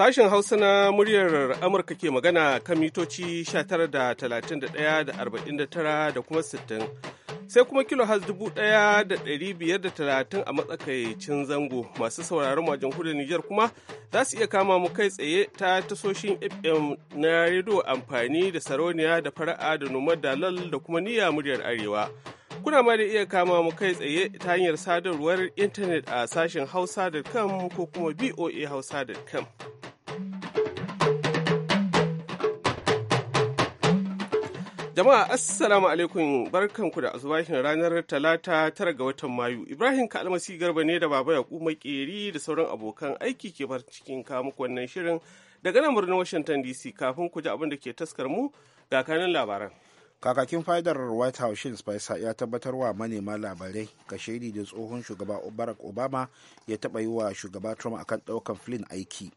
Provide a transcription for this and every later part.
Sashen Hausa na muryar Amurka ke magana kan mitoci 19 da 31 da 49 da kuma 60. Sai kuma kilo has 1,530 a matsakaicin zango masu sauraron mu a jamhuriyar Nijar kuma za su iya kama mu kai tsaye ta tasoshin FM na rediyo amfani da Saroniya da fara'a da noma dalal da kuma niyya muryar Arewa. Kuna ma da iya kama mu kai tsaye ta hanyar sadarwar intanet a sashen hausa.com ko kuma voahausa.com. Jama'a Assalamu alaikum barkanku da azubashin ranar talata tara ga watan Mayu. Ibrahim Kalmasi Garba ne da Baba kuma keri da sauran abokan aiki ke bar cikin muku wannan shirin daga nan birnin Washington DC kafin ku ji abin da ke taskar mu ga kanin labaran. kakakin fadar white house shin spicer ya tabbatar wa manema labarai ga shaidi da tsohon shugaba barack obama ya taba yi wa shugaba trump akan ɗaukan flynn aiki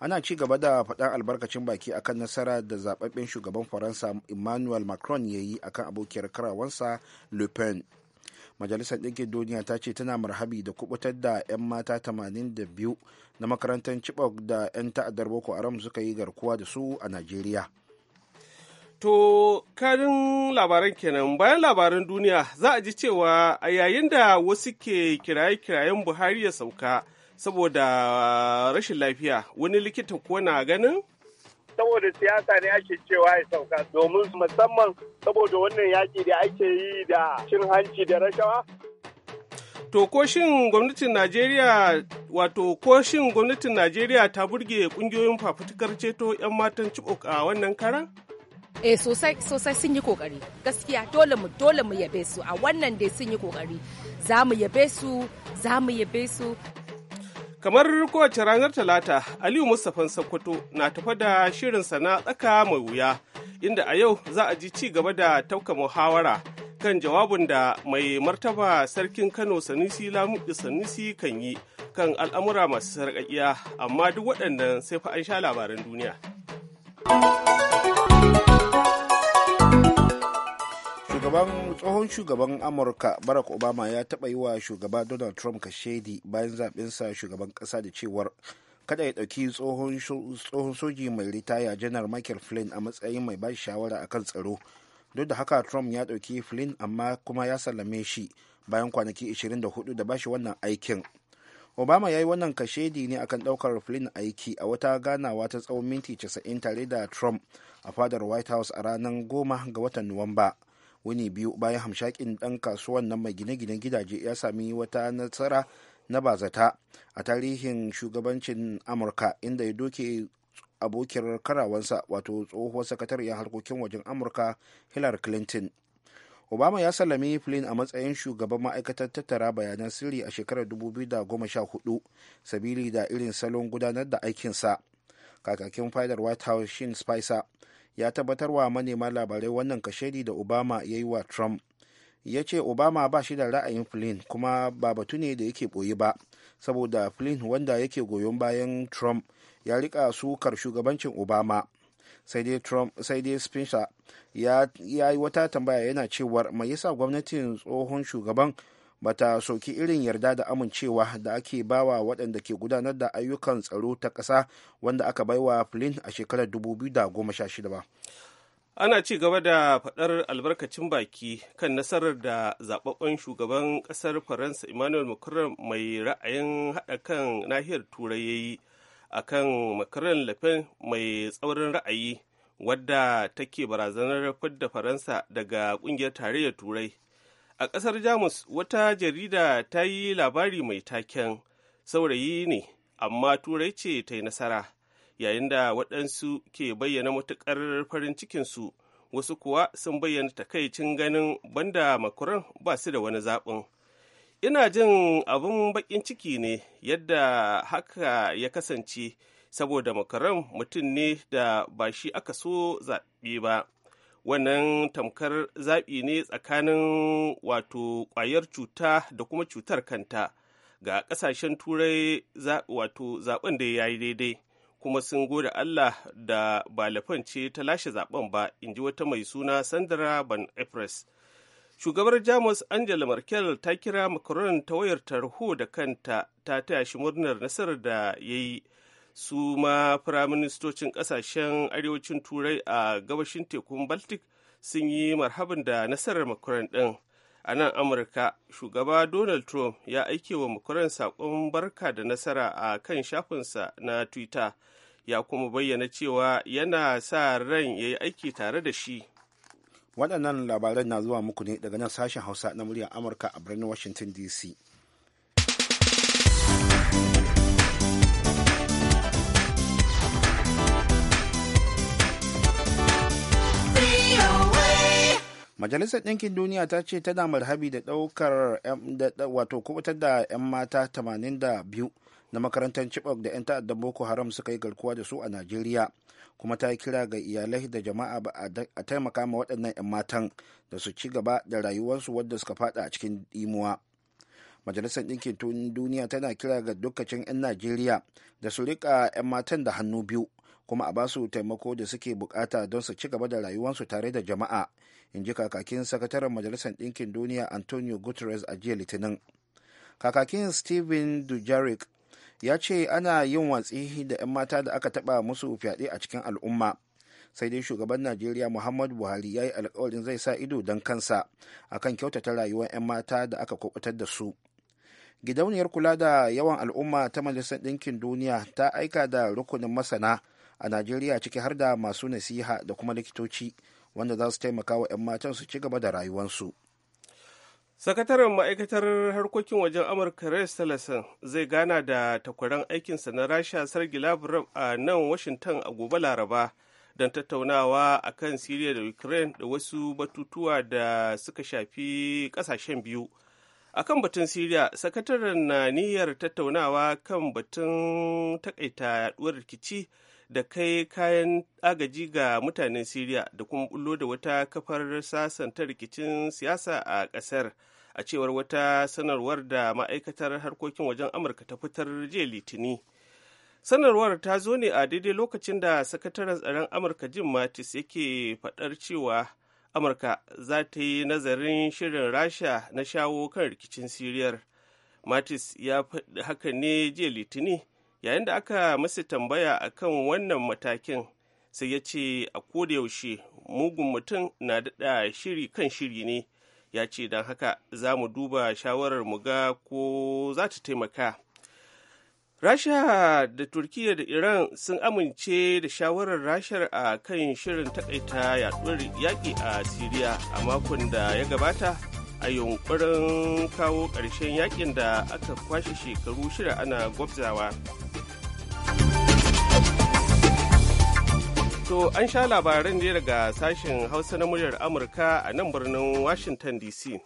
ana ci gaba da faɗan albarkacin baki akan nasara da zababben shugaban faransa emmanuel macron ya yi akan abokiyar karawansa le pen majalisar ɗinkin duniya ta ce tana marhabi da kubutar da 'yan mata 82 na makarantar chibok da 'yan ta'addar boko haram suka yi garkuwa da su a najeriya To, karin labaran kenan bayan labaran duniya za a ji cewa a yayin da wasu ke kiraye-kirayen Buhari ya sauka saboda rashin lafiya, wani likita kuwa na ganin? Saboda siyasa ne ake cewa ya sauka domin musamman saboda wannan yaƙi da ake yi da cin hanci da rashawa. To, ko shin gwamnatin Najeriya wato ko shin gwamnatin Najeriya ta burge kungiyoyin fafutukar ceto 'yan matan cibok a wannan karan? eh sosai sosai sun yi kokari gaskiya dole mu dole mu yabe su a wannan dai sun yi kokari za mu yabe su za mu yabe su kamar kowace ranar talata aliyu mustapha sokoto na tafa da shirin sana tsaka mai wuya inda a yau za a ji ci gaba da tauka muhawara kan jawabin da mai martaba sarkin kano sanusi lamu sanusi kan yi kan al'amura masu sarƙaƙiya amma duk waɗannan sai fa an sha labaran duniya shugaban tsohon shugaban amurka barack obama ya taba yi wa shugaba donald trump kashedi bayan zaɓinsa shugaban ƙasa da cewar kada ya ɗauki tsohon soji mai ritaya janar michael flynn a matsayin mai ba shawara a kan tsaro duk da haka trump ya ɗauki flynn amma kuma ya sallame shi bayan kwanaki 24 da bashi wannan aikin obama ya yi wannan kashedi ne akan ɗaukar flynn aiki a wata ganawa ta tsawon minti 90 tare da trump a fadar white house a ranar 10 ga watan nuwamba wani biyu bayan hamshakin dan kasuwan nan mai gine gine gidaje ya sami wata nasara na bazata a tarihin shugabancin amurka inda ya doke abokin karawansa wato tsohuwar sakatariyar harkokin wajen amurka hillary clinton obama ya sallami flynn a matsayin shugaban ma'aikatar tattara bayanan sirri a shekarar 2014 sabili da irin salon gudanar da aikinsa kakakin fadar white house shin spicer ya tabbatar wa manema labarai wannan kashedi da obama ya yi wa trump ya ce obama ba shi da ra'ayin flynn kuma ba batu ne da yake boye ba saboda flynn wanda yake goyon bayan trump ya rika sukar shugabancin obama sai dai trump sai dai spencer ya yi wata tambaya yana cewar mai yasa gwamnatin tsohon shugaban bata soki irin yarda da amincewa da ake bawa waɗanda ke gudanar da ayyukan tsaro ta ƙasa wanda aka baiwa flynn a shekarar 2016 ba ana ci gaba da faɗar albarkacin baki kan nasarar da zababben shugaban ƙasar faransa emmanuel macron mai ra'ayin haɗa kan nahiyar turai ya yi a kan macron le pen mai tsaurin ra'ayi wadda take barazanar fidda faransa daga ƙungiyar tarayyar turai a ƙasar jamus wata jarida ta yi labari mai taken saurayi ne amma turai ce ta yi nasara yayin da waɗansu ke bayyana matuƙar farin cikinsu wasu kuwa sun bayyana takaicin ganin banda makuran ba su da wani zaɓin ina jin abin baƙin ciki ne yadda haka ya kasance saboda makaran mutum ne da ba shi aka so zaɓe ba wannan tamkar zaɓi ne tsakanin wato ƙwayar cuta da kuma cutar kanta ga ƙasashen turai wato zaɓen da ya yi daidai kuma sun gode allah da ba ce ta lashe zaɓen ba in ji wata mai suna sandra ban epres shugabar jamus angela merkel ta kira macron ta wayar tarho da kanta ta taya shi murnar nasarar da ya yi su ma firaministocin ƙasashen arewacin turai a gabashin tekun baltic sun yi marhaban da nasarar makuran ɗin a nan amurka shugaba donald trump ya aike wa makuran saƙon barka da nasara a kan shafinsa na twitter ya kuma bayyana cewa yana sa ran ya yi aiki tare da shi waɗannan labaran na zuwa muku ne daga nan sashen hausa na muryar amurka a birnin washington dc majalisar ɗinkin duniya ta ce tana marhabi da ɗaukar wato kubutar da 'yan mata 82 na makarantar chibok da 'yan ta'addar boko haram suka yi garkuwa da su a najeriya kuma ta yi kira ga iyalai da jama'a a taimaka ma waɗannan 'yan matan da su ci gaba da rayuwarsu wadda suka fada a cikin imuwa majalisar ɗinkin duniya tana kira ga dukkacin 'yan najeriya da su riƙa 'yan matan da hannu biyu kuma a basu taimako da suke bukata don su ci gaba da rayuwarsu tare da jama'a in ji kakakin sakataren majalisar ɗinkin duniya antonio guterres a jiya litinin kakakin steven dujaric ya ce ana yin watsi da 'yan mata da aka taba musu fyaɗe a cikin al'umma sai dai shugaban najeriya muhammadu buhari ya yi alkawarin zai sa ido don kansa akan kyautata rayuwar 'yan mata da aka kubutar da su gidauniyar kula da yawan al'umma ta majalisar ɗinkin duniya ta aika da rukunin masana a najeriya ciki har da masu nasiha da kuma likitoci wanda za su taimaka wa 'yan matan su ci gaba da rayuwarsu sakataren ma'aikatar harkokin wajen amurka rex tillerson zai gana da takwaran aikinsa na rasha sergei lavrov a nan washington a gobe laraba don tattaunawa a kan siriya da ukraine da wasu batutuwa da suka shafi kasashen biyu a kan batun siriya sakataren na niyyar tattaunawa kan batun takaita yaduwar rikici da kai kayan agaji ga mutanen Siriya da kuma bullo da wata kafar sasanta rikicin siyasa a ƙasar a cewar wata sanarwar da ma'aikatar harkokin wajen Amurka ta fitar jiya Litini. Sanarwar ta zo ne a daidai lokacin da sakataren tsaron Amurka Jim Mattis yake faɗar cewa Amurka za ta yi nazarin shirin Rasha na shawo kan rikicin Siriyar. Mattis ya faɗi haka ne jiya Litini. yayin da aka masa tambaya akan wannan matakin sai ya ce a kodayaushe mugun mutum na daɗa shiri kan shiri ne ya ce don haka za mu duba shawarar mu ga ko za ta taimaka rasha da turkiya da iran sun amince da shawarar rashar a kan shirin takaita yaƙi a siriya a makon da ya gabata a yunkurin kawo ƙarshen yakin da aka kwashe shekaru shida ana gwabzawa. To an sha labaran ne daga sashen Hausa na muryar Amurka a nan birnin Washington DC.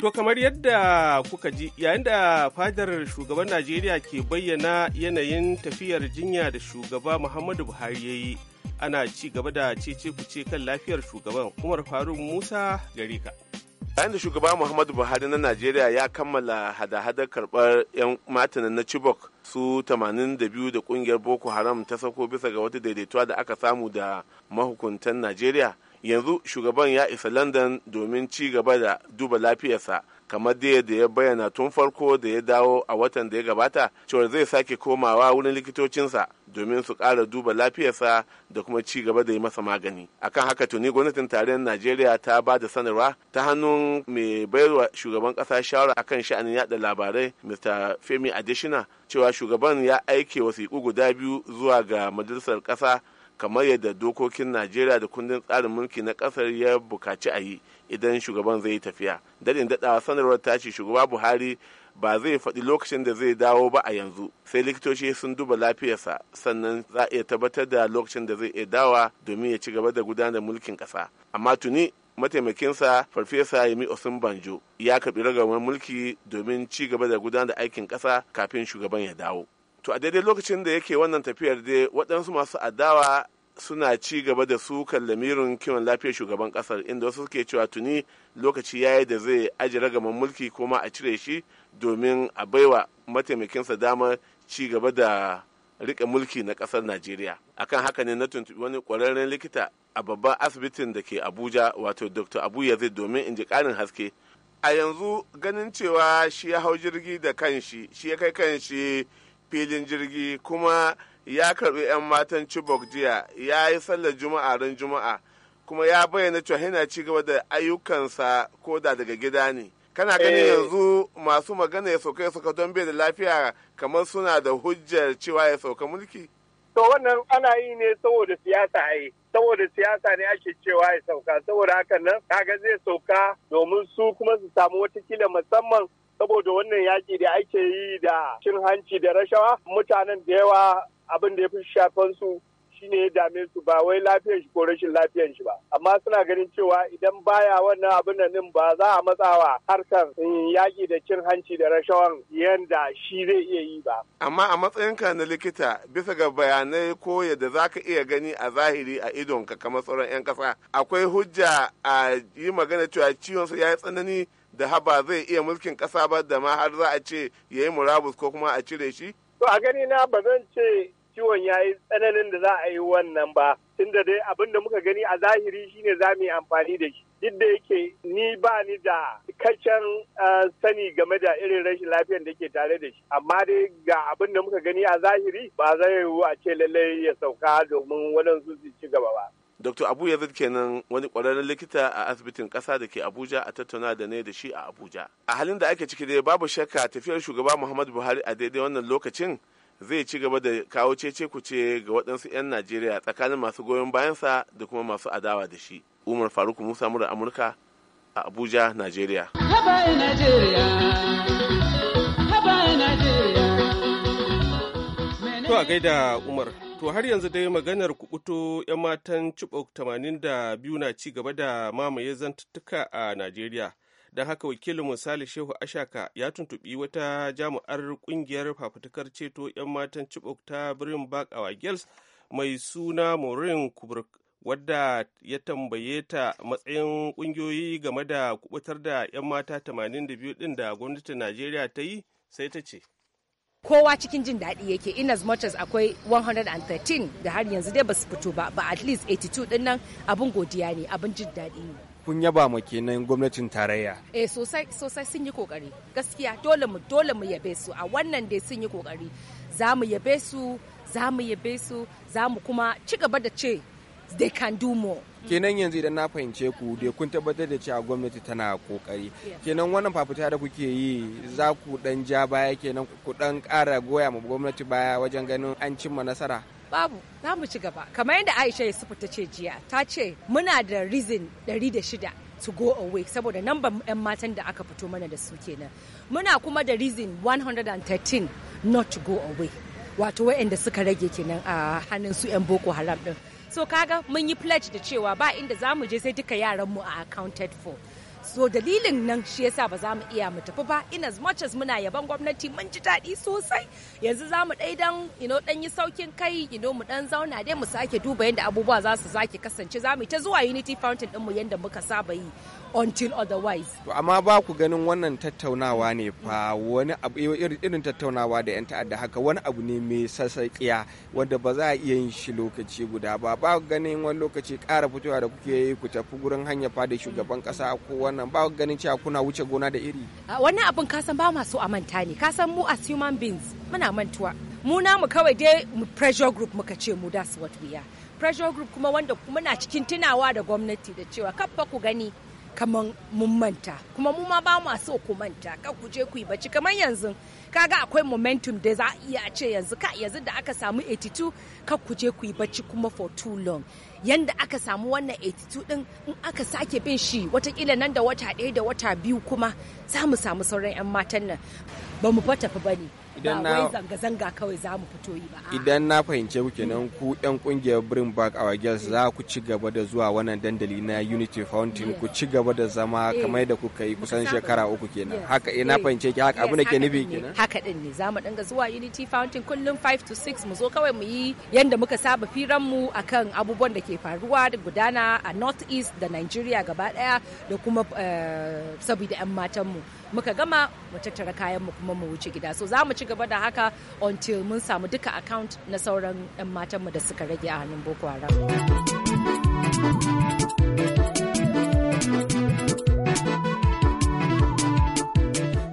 To kamar yadda kuka ji yayin da fadar shugaban Najeriya ke bayyana yanayin tafiyar jinya da shugaba Muhammadu Buhari ya yi ana ci gaba da cece kuce kan lafiyar shugaban umar faruk musa garika ka bayan da shugaba muhammadu buhari na najeriya ya kammala hada-hadar karbar 'yan matanan na chibok su 82 da kungiyar boko haram ta sako bisa ga wata daidaituwa da aka samu da mahukuntan najeriya yanzu shugaban ya isa london domin ci gaba da duba lafiyarsa kamar da da ya bayyana tun farko da ya dawo a watan da ya gabata cewa zai sake komawa wurin likitocinsa domin su kara duba lafiyarsa da kuma ci gaba da yi masa magani akan haka tuni gwamnatin tarayyar najeriya ta ba da sanarwa ta hannun mai bayarwa shugaban kasa shawara akan sha'anin yada labarai mr femi adishina cewa shugaban ya aike wasiƙu guda biyu zuwa ga majalisar ƙasa kamar yadda dokokin najeriya da kundin tsarin mulki na ƙasar ya bukaci a yi idan shugaban zai yi tafiya dadin daɗawa sanarwar tashi shugaba buhari ba zai faɗi lokacin da zai dawo ba a yanzu sai likitoci sun duba lafiyarsa sannan za a iya tabbatar da lokacin da zai iya dawa domin ya ci gaba da gudanar mulkin ƙasa amma tuni mataimakinsa farfesa ya osun banjo ya karɓi ragamar mulki domin ci gaba da gudanar aikin ƙasa kafin shugaban ya dawo to a daidai lokacin da yake wannan tafiyar dai waɗansu masu adawa suna ci gaba da su lamirin kiwon lafiyar shugaban kasar inda wasu suke cewa tuni lokaci ya yi da zai aji ragaman mulki kuma a cire shi domin a baiwa mataimakinsa damar ci gaba da rike mulki na ƙasar najeriya akan haka ne na tuntubi wani kwararren likita a babban asibitin da ke abuja wato dr abu zai domin in ji karin haske a yanzu ganin cewa shi ya hau jirgi da kanshi shi ya kai kanshi filin jirgi kuma ya karbi 'yan matan chibok jiya ya yi sallar juma'a ran juma'a kuma ya bayyana cewa yana ci gaba da ayyukansa ko da daga gida ne kana ganin eh. yanzu masu magana ya sauka ya sauka don bai da lafiya kamar suna da hujjar cewa ya sauka mulki to wannan ana yi ne saboda siyasa ai saboda siyasa ne ake cewa ya sauka saboda haka nan kaga zai sauka domin su kuma su samu watakila musamman saboda wannan yaƙi da ake yi da cin hanci da rashawa mutanen da yawa abin da ya fi shafan su shine ya dame su ba wai lafiyar shi ko rashin lafiyar shi ba amma suna ganin cewa idan baya wannan abin nan din ba za a matsawa harkar eh, yaki da cin hanci da rashawan yanda shi zai iya yi ba amma a matsayinka na likita bisa ga bayanai ko yadda za ka iya gani a zahiri a idonka kamar tsaron 'yan ƙasa akwai hujja a yi magana cewa ciwon su ya yi tsanani da haba zai iya mulkin kasa ba da ma har za a ce yayi murabus ko kuma a cire shi to a gani na ba zan ce ciwon ya yi tsananin da za a yi wannan ba tunda dai abin da muka gani a zahiri shine za mu yi amfani da shi duk da yake ni ba ni da cikakken eh, sani game da irin rashin lafiyar da ke tare da shi amma dai ga abin da muka gani a zahiri ba zai yiwu a ce lallai ya sauka domin wannan su ci gaba ba Dr. Abu Yazid kenan wani ƙwararren likita a asibitin ƙasa da ke Abuja a tattauna da ne da shi a Abuja. A halin da ake ciki dai babu shakka tafiyar shugaba Muhammadu Buhari a daidai wannan lokacin zai ci gaba da kawo cece kuce ga waɗansu 'yan najeriya tsakanin masu goyon bayansa da kuma masu adawa da shi umar faruk musa mura amurka a abuja najeriya to a gaida umar to har yanzu dai maganar kubuto 'yan matan cibok 82 na ci gaba da mamaye zantuttuka a najeriya don haka wakilin misali shehu ashaka ya tuntubi wata jami'ar kungiyar fafutukar ceto 'yan matan chibok ta birnin bak awa girls mai suna maureen kubrick wadda ya tambaye ta matsayin kungiyoyi game da kubutar da 'yan mata 82 din da gwamnatin najeriya ta yi sai ta ce kowa cikin jin daɗi yake in as much as akwai 113 da har yanzu dai ba su fito ba ba at least 82 din nan abin godiya ne abin jin daɗi ne kun yaba ma kenan gwamnatin tarayya eh sosai sosai sun yi kokari gaskiya dole mu dole mu yabe su a wannan dai sun yi kokari za mu yabe su za mu yabe su za mu kuma ci gaba da ce they can do more kenan yanzu idan na fahimce ku da kun tabbatar da cewa gwamnati tana kokari kenan wannan fafuta da kuke yi za ku dan ja baya kenan ku dan kara goya ma gwamnati baya wajen ganin an cimma nasara babu za mu ci gaba kamar yadda aisha ya ta ce jiya ta ce muna da reason 106 to go away saboda number 'yan matan da aka fito mana da su kenan muna kuma da reason 113 not to go away wato waɗanda suka rage kenan a hannun su 'yan boko haram din so kaga mun yi pledge da cewa ba inda za mu je sai duka yaranmu a accounted for so dalilin nan shi yasa ba za mu iya mu tafi ba in as much as muna yaban gwamnati mun ji daɗi sosai yanzu za mu ɗai dan you know, dan yi saukin kai you know, mu dan zauna dai mu sake duba yadda abubuwa za su zaki kasance za mu ta zuwa unity fountain ɗinmu yadda muka saba yi until otherwise. To amma ba ku ganin wannan tattaunawa ne fa wani abu irin tattaunawa da 'yan ta'adda haka wani abu ne mai sassaƙiya wanda ba za a iya yin shi lokaci guda ba ba ku ganin wani lokaci ƙara fitowa da kuke yi ku tafi gurin hanya fa da shugaban ƙasa ko wannan ba ku ganin cewa kuna wuce gona da iri. Wannan abin kasan ba masu amanta ne kasan mu as human beings muna mantuwa. Mu namu kawai dai pressure group muka ce mu that's what we are. Pressure group kuma wanda muna cikin tunawa da gwamnati da cewa kafa ku gani kamar mun manta kuma mu ma ba mu so ku manta ka ku je ku yi bacci kamar yanzu kaga akwai momentum da za a iya a ce yanzu ka yanzu da aka samu 82 kar ku je ku yi bacci kuma for too long yanda aka samu wannan 82 din in aka sake bin shi watakila nan da wata ɗaya da wata biyu kuma za mu samu sauran 'yan matan nan ba mu fa bane ba ne idan na zanga-zanga kawai za mu fito yi ba idan na fahimce ku kenan ku yan kungiyar bring back our girls za ku ci gaba da zuwa wannan dandali na unity fountain ku ci gaba da zama eh. kamar da kuka yi kusan shekara uku kenan haka ina eh, eh. fahimce ki haka abu da ke nufi kenan haka din ne za mu dinga zuwa unity fountain kullum 5 to 6 mu zo kawai mu yi yanda muka saba firan mu akan abubuwan da ke faruwa da gudana a north east da nigeria gaba daya da kuma saboda yan matan mu muka gama mu tattara kayan mu kuma mu wuce gida so za mu ci gaba da haka until mun samu duka account na sauran 'yan matanmu da suka rage a hannun boko haram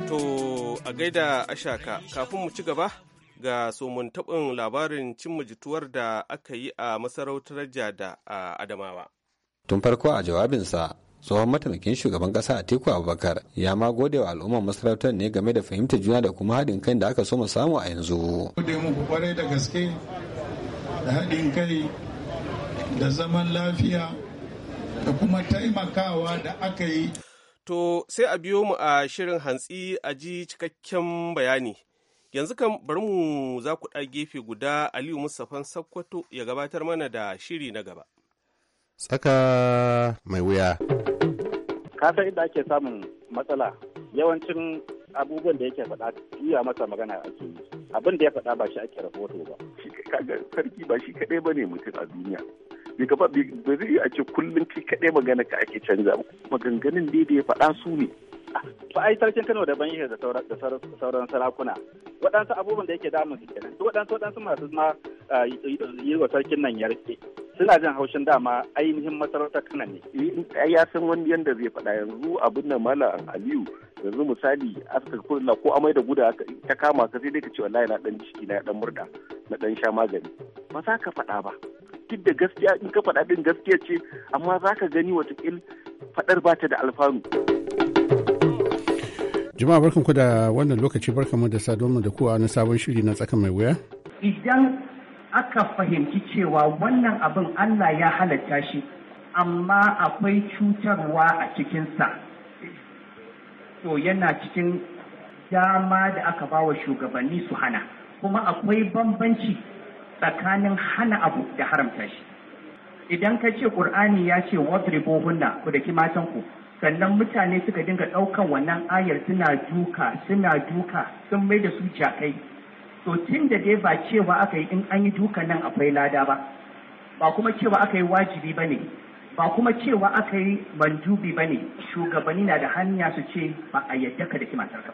to a gaida ashaka kafin mu ci gaba ga somun taɓin labarin cin jituwar da aka yi a masarautar jada a adamawa tun farko a jawabinsa tsohon mataimakin shugaban kasa teku abubakar ya ma gode wa al'ummar masarautar ne game da fahimtar juna da kuma haɗin kai da aka so mu samu a yanzu gode muku kwarai da gaske da haɗin kai da zaman lafiya da kuma taimakawa da aka yi to sai a biyo mu a shirin hantsi a ji cikakken bayani yanzu kan bari mu za ku ɗa gefe guda aliyu mustapha sakkwato ya gabatar mana da shiri na gaba Tsaka mai wuya. Kasar inda ake samun matsala yawancin abubuwan da yake faɗa juya masa magana ake yi. Abin da ya faɗa ba shi ake rahoto ba. Shi kaga sarki ba shi kaɗai ba ne mutum a duniya. gaba ba zai a ce kullum ki kaɗai magana ka ake canza maganganun dai da ya faɗa su ne. ba ah, a yi sarkin Kano da ban da sauran sarakuna waɗansu abubuwan da yake damun su kenan waɗansu waɗansu masu ma ah, yi wa sarkin nan ya rike suna jin haushin dama ainihin masarautar kana ne. Eh, ya san wani yanda zai faɗa yanzu abin da malam aliyu yanzu misali aka kula ko amai da guda ta kama ka sai dai ka ce wallahi na dan ciki na dan murda na dan sha magani ba za ka faɗa ba duk da gaskiya in ka faɗa din gaskiya ce amma za ka gani watakil faɗar ba ta da alfanu. jama'a barkan da wannan lokaci barkan da saduwa da kowa na sabon shiri na tsaka mai wuya. idan aka fahimci cewa wannan abin Allah ya halatta shi amma akwai cutarwa a cikinsa to yana cikin dama da aka ba wa shugabanni su hana kuma akwai bambanci tsakanin hana abu da haramta shi idan ka ce ƙur'ani ya ce wadribo hunna ku da matan ku sannan mutane suka dinga ɗaukan wannan ayar suna duka suna duka sun mai da su jakai to tun da dai ba cewa aka yi in an yi dukan nan akwai lada ba ba kuma cewa aka yi wajibi ba ne ba kuma cewa aka yi mandubi ba ne shugabanni na da hanya su ce ba a yadda ka da ka ba.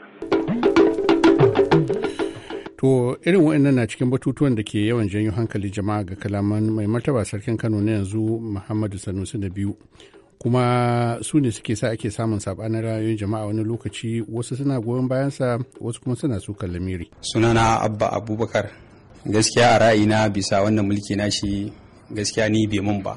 To irin waɗannan na cikin batutuwan da ke yawan janyo hankali jama'a ga kalaman mai martaba sarkin Kano na yanzu Muhammadu Sanusi na biyu kuma su ne suke sa ake samun sabanin ra'ayoyin jama'a wani lokaci wasu suna goyon bayansa wasu kuma suna sukan lamiri sunana abba abubakar gaskiya a ra'ayina bisa wannan mulki na shi gaskiya ni bai mun ba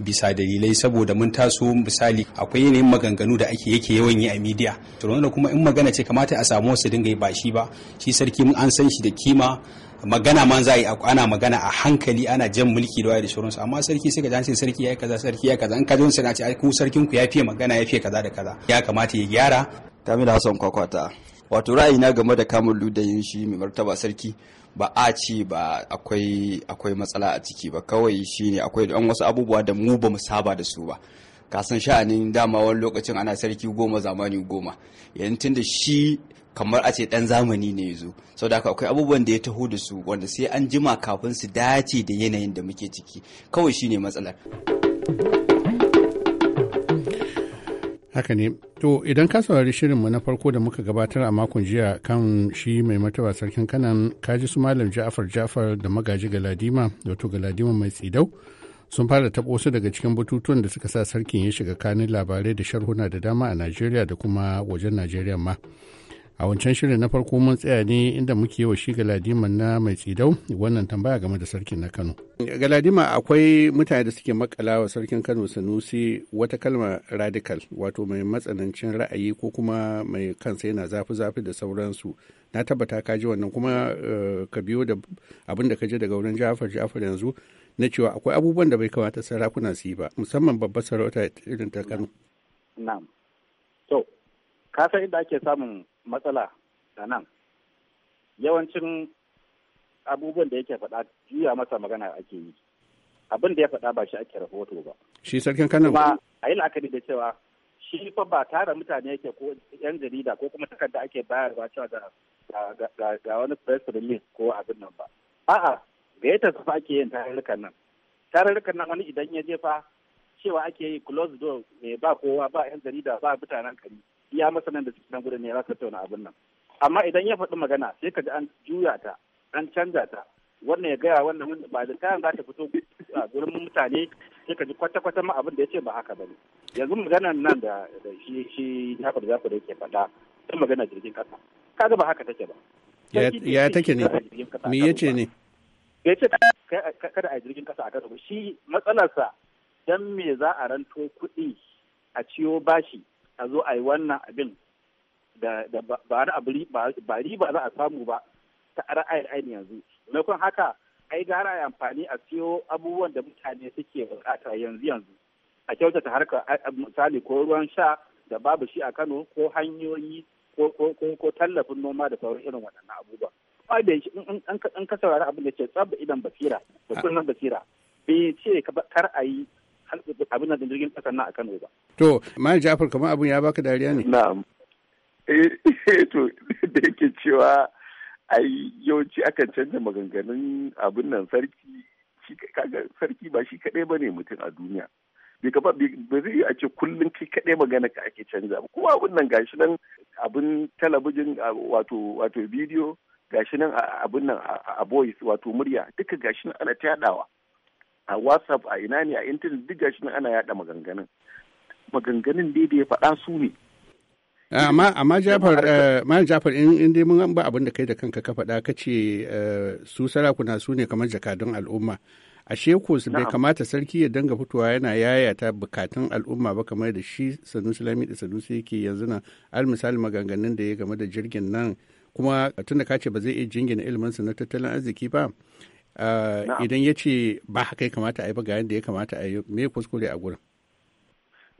bisa dalilai saboda mun taso misali akwai yanayin maganganu da ake yake yawan yi a midiya to kuma in magana ce kamata a samu wasu dinga yi ba shi ba shi sarki mun an san shi da kima magana man za a yi ana magana a hankali ana jan mulki da wayar da amma sarki sai ka ji sarki ya yi kaza sarki ya kaza in ka ji wani sanaci ce ku sarkin ku ya fiye magana ya fiye kaza da kaza ya kamata ya gyara Kamil Hassan kwakwata wato ra'ayi na game da kamun ludayin shi mai martaba sarki ba a ce ba akwai akwai matsala a ciki ba kawai shine akwai an wasu abubuwa da mu ba mu saba da su ba kasan sha'anin dama wani lokacin ana sarki goma zamani goma yanzu tunda shi kamar a ce dan zamani ne ya zo sau da akwai abubuwan da ya taho da su wanda sai an jima kafin su dace da yanayin da muke ciki kawai shine matsalar haka ne to idan ka saurari shirinmu na farko da muka gabatar a makon jiya kan shi mai mataba sarkin kanan kaji su malam ja'afar ja'afar da magaji ga galadima wato galadima mai tsidau sun fara taɓo su daga cikin bututun da suka sa sarkin ya shiga kanin labarai da sharhuna da dama a najeriya da kuma wajen najeriya ma a wancan shirin na farko mun tsaya ne inda muke yi wa shi galadima na mai tsidau wannan tambaya game da sarkin na kano galadima akwai mutane da suke makala wa sarkin kano sanusi wata kalma radical wato mai matsanancin ra'ayi ko kuma mai kansa yana zafi-zafi da sauransu na tabbata ka ji wannan kuma eh, ka biyo da abin da ka je daga wurin jafar jafar yanzu na cewa akwai abubuwan da bai kamata sarakuna su yi ba musamman babbar sarauta irin ta kano na'am inda ake samun matsala a nan yawancin abubuwan da yake faɗa juya masa magana ake yi abin da ya faɗa ba shi ake rahoto ba shi sarkin kanan ba a yi la'akari da cewa shi fa ba tara mutane yake ko yan jarida ko kuma takarda ake bayarwa cewa da ga wani press release ko abin nan ba a'a yadda su ake yin tarurrukan nan tarurrukan nan wani idan ya je fa cewa ake yi close door eh, ba kowa ba yan jarida ba mutanen kari iya masanan da suke nan gudun ne za su tauna abin nan amma idan ya faɗi magana sai ka ji an juya ta an canza ta wannan ya gaya wannan wanda ba da kayan za ta fito a gurin mutane sai ka ji kwata-kwata ma abin da ya ce ba haka ba ne yanzu maganan nan da shi shi Jafar da yake faɗa ta magana jirgin ƙasa kaga ba haka take ba ya take ne me ya ce ne ya ce kada a jirgin ƙasa a kasa shi matsalarsa dan me za a ranto kuɗi a ciyo bashi a zo a yi wannan abin da ba ba riba za a samu ba ta ra'ayin ainihin yanzu maimakon haka ai gara a amfani a siyo abubuwan da mutane suke bukata yanzu yanzu a kyautata harkar misali ko ruwan sha da babu shi a kano ko hanyoyi ko tallafin noma da sauran irin waɗannan abubuwa ba da ka saurari abin da ke tsabba idan basira da kullum basira bai ce kar a yi abin da jirgin kasan nan a Kano ba. To, Mayan Jafar kamar abin ya baka dariya ne? Na'am. Eh, to, da yake cewa ai yawanci akan canza maganganun abin nan sarki kaga sarki ba shi kaɗai ba ne mutum a duniya bai kaba ba zai a ce kullum kai kaɗai magana ka ake canza ba kuma abin nan gashi nan abin talabijin wato wato bidiyo gashi nan abin nan a voice wato murya duka gashi nan ana ta yadawa a whatsapp a ina ne a intanet duk gashi nan ana yada maganganun maganganun dai da ya faɗa su ne ah, amma amma jafar eh, ma jafar in dai mun ba abin da kai da kanka ka faɗa ka ce eh, su sarakuna su ne kamar jakadun al'umma ashe ko bai kamata sarki ya danga fitowa yana yayata bukatun al'umma ba kamar da shi sanusi lami da sanusi yake yanzu nan al misali maganganun da ya game da jirgin nan kuma tun da ce ba zai iya jingina ilimin na tattalin arziki ba Eh, idan ya ce ba haka ya kamata a yi ba ga yadda ya kamata a yi me kuskure a gurin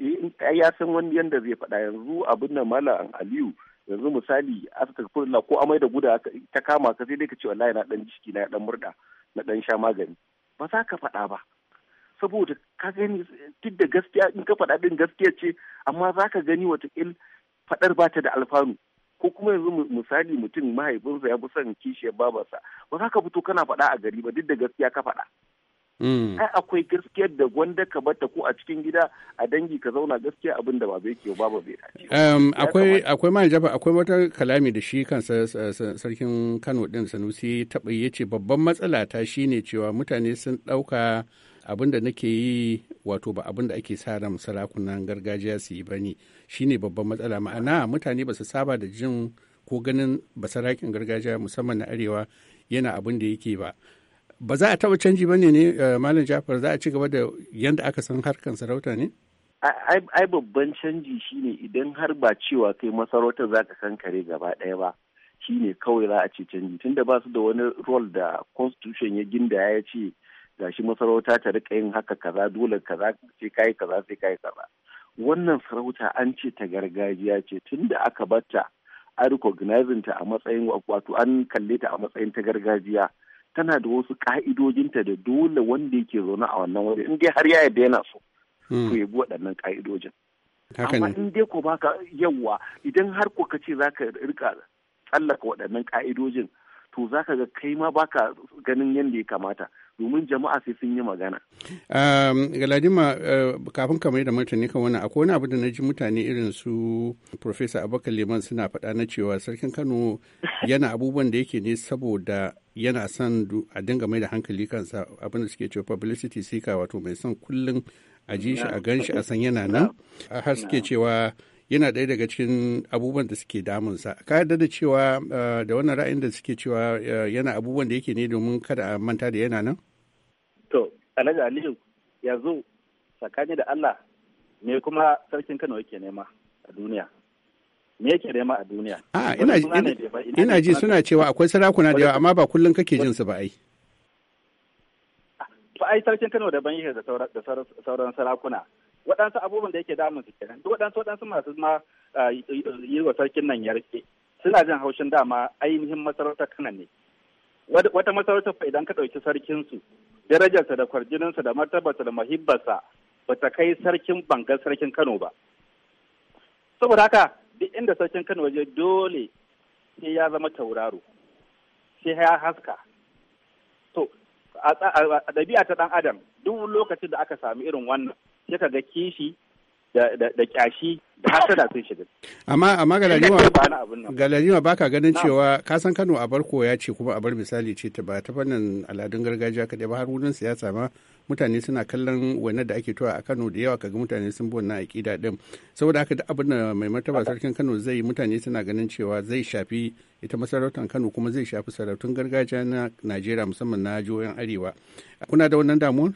eh, ya san wani yanda zai faɗa yanzu abin mala an aliyu yanzu misali aka kurla ko amai da guda ta kama ka sai dai ka ce wallahi na dan ciki na dan murda na dan sha magani ba za ka faɗa ba saboda ka gani duk da gaskiya in ka faɗa din gaskiya ce amma za ka gani wata il faɗar ba ta da alfanu ko kuma yanzu misali mutum mahaifinsa ya fi son kishiyar babarsa ba za ka fito kana faɗa a gari ba duk da gaskiya ka faɗa. Mm. ai akwai gaskiyar da gwanda ka bata ko a cikin gida a dangi ka zauna gaskiya abin da ba bai ke ba ba bai dace akwai akwai jafa akwai wata kalami da shi kansa sarkin Kano ɗin Sanusi taɓa yace babban matsala ta shine cewa mutane sun ɗauka abin da nake yi wato ba abin da ake sa ran sarakunan gargajiya su yi ba ne shine babban matsala ma'ana mutane ba su saba da jin ko ganin basarakin gargajiya musamman na arewa yana abin da yake ba ba za a taɓa canji ba ne ne eh, malam jafar za a ci gaba da yadda aka san harkan sarauta ne ai babban canji shine idan har ba cewa kai masarautar za ka kankare gaba ɗaya ba shine kawai za a ce canji tunda ba su da wani rol da constitution ya ginda ya ce gashi masarauta ta rika yin haka kaza dole kaza sai kai kaza sai kai kaza wannan sarauta an ce ta gargajiya ce tunda aka batta an recognizing ta a matsayin wato an kalle ta a matsayin ta gargajiya tana da wasu ka'idojinta da dole wanda yake zaune a wannan waje in dai har ya yadda yana so hmm. to ya bi waɗannan ka'idojin amma in dai ko baka yawa idan har ko ka ce zaka rika tsallaka waɗannan ka'idojin to zaka ga kai ma baka ganin yadda ya kamata domin jama'a sai sun yi magana. Galadima eh, kafin kamar da martani kan wannan akwai wani abu da na ji mutane irin su Profesa Abubakar Liman suna faɗa na cewa sarkin Kano yana abubuwan da yake ne saboda yana son a dinga mai da hankali kansa abin da suke cewa publicity seeker wato mai son kullum a ji shi a gan shi a san yana nan har suke cewa yana ɗaya daga cikin abubuwan da suke damunsa ka yarda da cewa eh, da wannan ra'ayin da suke cewa eh, yana abubuwan da yake ne domin kada a manta da yana nan to alhaji aliyu yanzu tsakani da allah me kuma sarkin kano yake nema a duniya me yake nema a duniya a ah, ina ji suna cewa akwai sarakuna da yawa amma ba kullum kake jin su ba ai ah, to ai sarkin kano daban yake da sauran sarakuna waɗansu abubuwan da yake damun su kenan duk waɗansu waɗansu masu ma yi wa sarkin nan ya suna jin haushin dama ainihin masarautar kana ne wata masarautar fa idan ka ɗauki sarkin su darajarsa da kwarjininsa da martabarsa da mahibbarsa ba ta kai sarkin bangar sarkin kano ba saboda haka duk inda sarkin kano waje dole sai ya zama tauraro sai ya haska to a ɗabi'a ta ɗan adam duk lokacin da aka sami irin wannan suka ga kishi da kyashi da hasada sun shiga. Amma amma galadima ba ka ganin cewa kasan Kano a barko ya ce kuma a bar misali ce ta ba ta fannin aladun gargajiya kaɗai ba har wurin siyasa ma mutane suna kallon wani da ake tuwa a Kano da yawa kaga mutane sun bi wannan aƙida din saboda haka duk abin da mai martaba sarkin Kano zai mutane suna ganin cewa zai shafi ita masarautar Kano kuma zai shafi sarautun gargajiya na Najeriya musamman na jihohin Arewa kuna da wannan damuwar?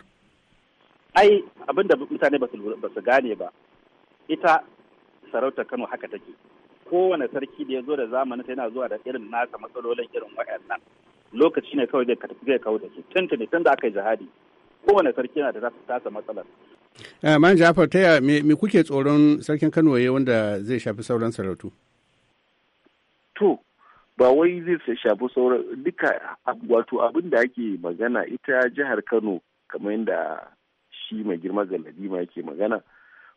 ai abinda mutane ba su gane ba ita sarautar kano haka take kowane sarki da ya zo da zamanin yana zuwa da irin nasa matsalolin irin wayannan lokaci ne kawai zai kawo da su tuntuni tun da aka yi jihadi kowane sarki yana da tasa matsalar eh, man jafar ta me kuke tsoron sarkin kano ya wanda zai shafi sauran sarautu to ba wai zai shafi sauran duka wato abin da ake magana ita jihar kano kamar yadda shi mai girma galadima yake magana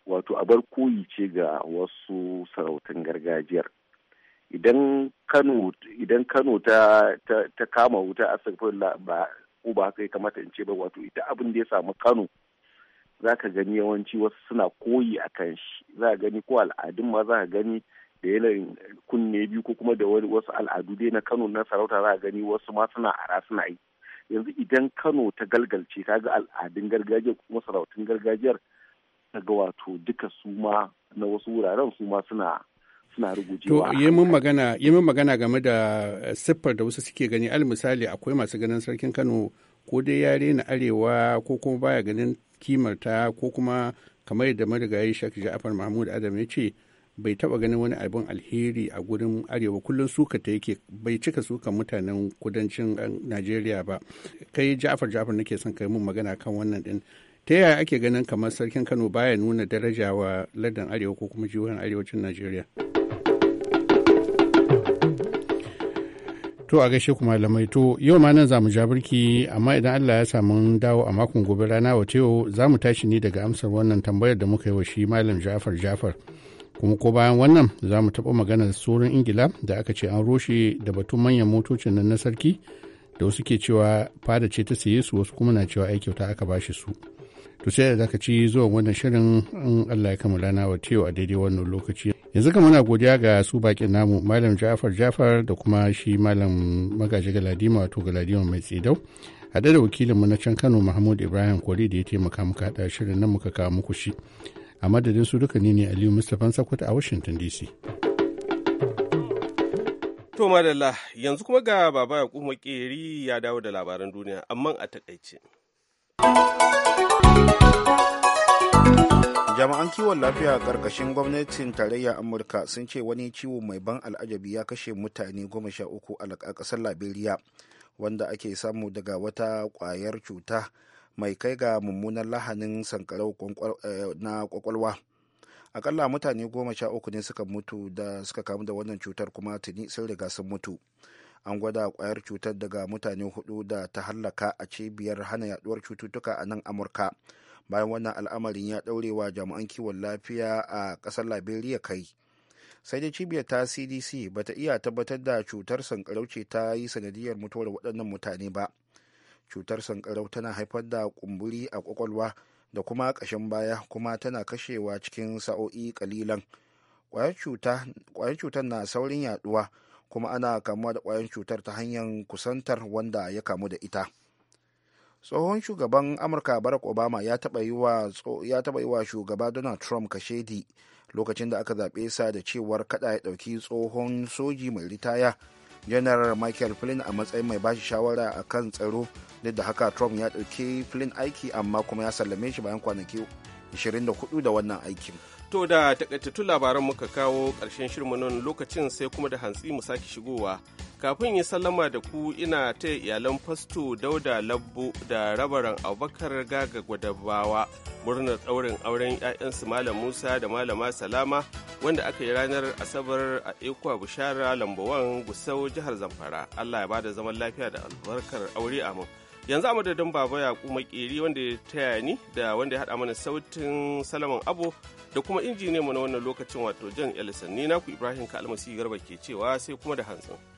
wato abar koyi ce ga wasu sarautan gargajiyar idan kano idan ta, kama wuta a ba ko ba haka kamata in ce ba wato ita abin da ya samu kano za ka gani yawanci wasu suna koyi a kan shi za ka gani ko al'adun ma za ka gani da yanayin kunne biyu ko kuma da wasu al'adu dai na kano na sarauta za ka gani wasu ma suna ara suna yi yanzu idan kano ta galgalce ta ga al'adun gargajiya kuma sarautun gargajiyar ga wato duka su ma na wasu wuraren su ma suna suna To yi mun magana game da siffar da wasu suke gani misali akwai masu ganin sarkin Kano ko dai ya na arewa ko kuma baya ganin kimarta ko kuma kamar yadda marigayi shakija Ja'far Mahmud Adam ya ce bai taba ganin wani abin alheri a gurin arewa kullum suka ta yake bai cika suka mutanen kudancin eh, najeriya ba kai jafar jafar nake son kai mun magana kan wannan din ta yaya ake ganin kamar sarkin kano baya nuna daraja wa ladan arewa ko kuma jihohin arewacin najeriya To a gaishe kuma malamai to yau ma nan zamu ja birki amma idan Allah ya samu dawo a makon gobe rana wa yau za mu tashi ne daga amsar wannan tambayar da muka yi wa shi malam Jafar Jafar. kuma ko bayan wannan za mu taɓa maganar tsoron ingila da aka ce an roshe da batun manyan motocin nan na sarki da wasu ke cewa fada ce ta saye su wasu kuma na cewa ai kyauta aka bashi su to sai da zaka ci zuwa wannan shirin in Allah ya kama lana wa tewa a daidai wannan lokaci yanzu kan muna godiya ga su bakin namu malam Jafar Jafar da kuma shi malam magaji Galadima wato Galadima mai tsidau haɗe da wakilinmu na can Kano Mahmud Ibrahim kori da ya taimaka muka haɗa shirin nan muka kawo muku shi a madadin su duka ne aliyu mustapha sakwata a washington dc to madalla yanzu kuma ga baba ya kuma keri ya dawo da labaran duniya amma a takaice jami'an kiwon lafiya karkashin gwamnatin tarayyar amurka sun ce wani ciwo mai ban al'ajabi ya kashe mutane goma sha uku a ƙasar liberia wanda ake samu daga wata ƙwayar cuta mai kai ga mummunan lahanin sankarau eh, na kwakwalwa akalla mutane goma sha uku ne suka mutu da suka kamu da wannan cutar kuma tuni sun riga sun mutu an gwada kwayar cutar daga mutane hudu da ta hallaka a cibiyar hana yaduwar cututtuka a nan amurka bayan wannan al'amarin ya daurewa jami'an kiwon lafiya a kasar liberia kai sai dai cibiyar ta cdc bata iya tabbatar da cutar sankarau ce ta yi sanadiyar mutuwar waɗannan mutane ba cutar sankarau tana haifar da kumburi a kwakwalwa da kuma ƙashin baya kuma tana kashewa cikin sa'o'i kalilan ƙwayar cutar na saurin yaduwa kuma ana kamuwa da ƙwayar cutar ta hanyar kusantar wanda ya kamu da ita tsohon shugaban amurka barack obama ya taɓa yi wa shugaba donald trump kashedi lokacin da aka zaɓe sa da cewar kada ya ɗauki tsohon soji mai ritaya janar michael flynn a matsayin mai bashi shawara a kan tsaro duk da haka trump ya ɗauki flynn aiki amma kuma ya sallame shi bayan kwanaki 24 da wannan aikin To da takaitattun labaran muka kawo ƙarshen shirmu nan lokacin sai kuma da hantsi mu sake shigowa. Kafin yi sallama da ku ina ta iyalan fasto dauda labbo da rabaran abubakar gaga gwadabawa murnar ɗaurin auren 'ya'yansu malam musa da malama salama wanda aka yi ranar asabar a ikwa bishara lambawan gusau jihar zamfara allah ya bada zaman lafiya da albarkar aure a amin yanzu a madadin baba yaƙu makeri wanda ya taya ni da wanda ya haɗa mana sautin salaman abu da kuma injiniyanmu na wannan lokacin wato jan ellison ni naku ibrahim ka almasi garba ke cewa sai kuma da hantsin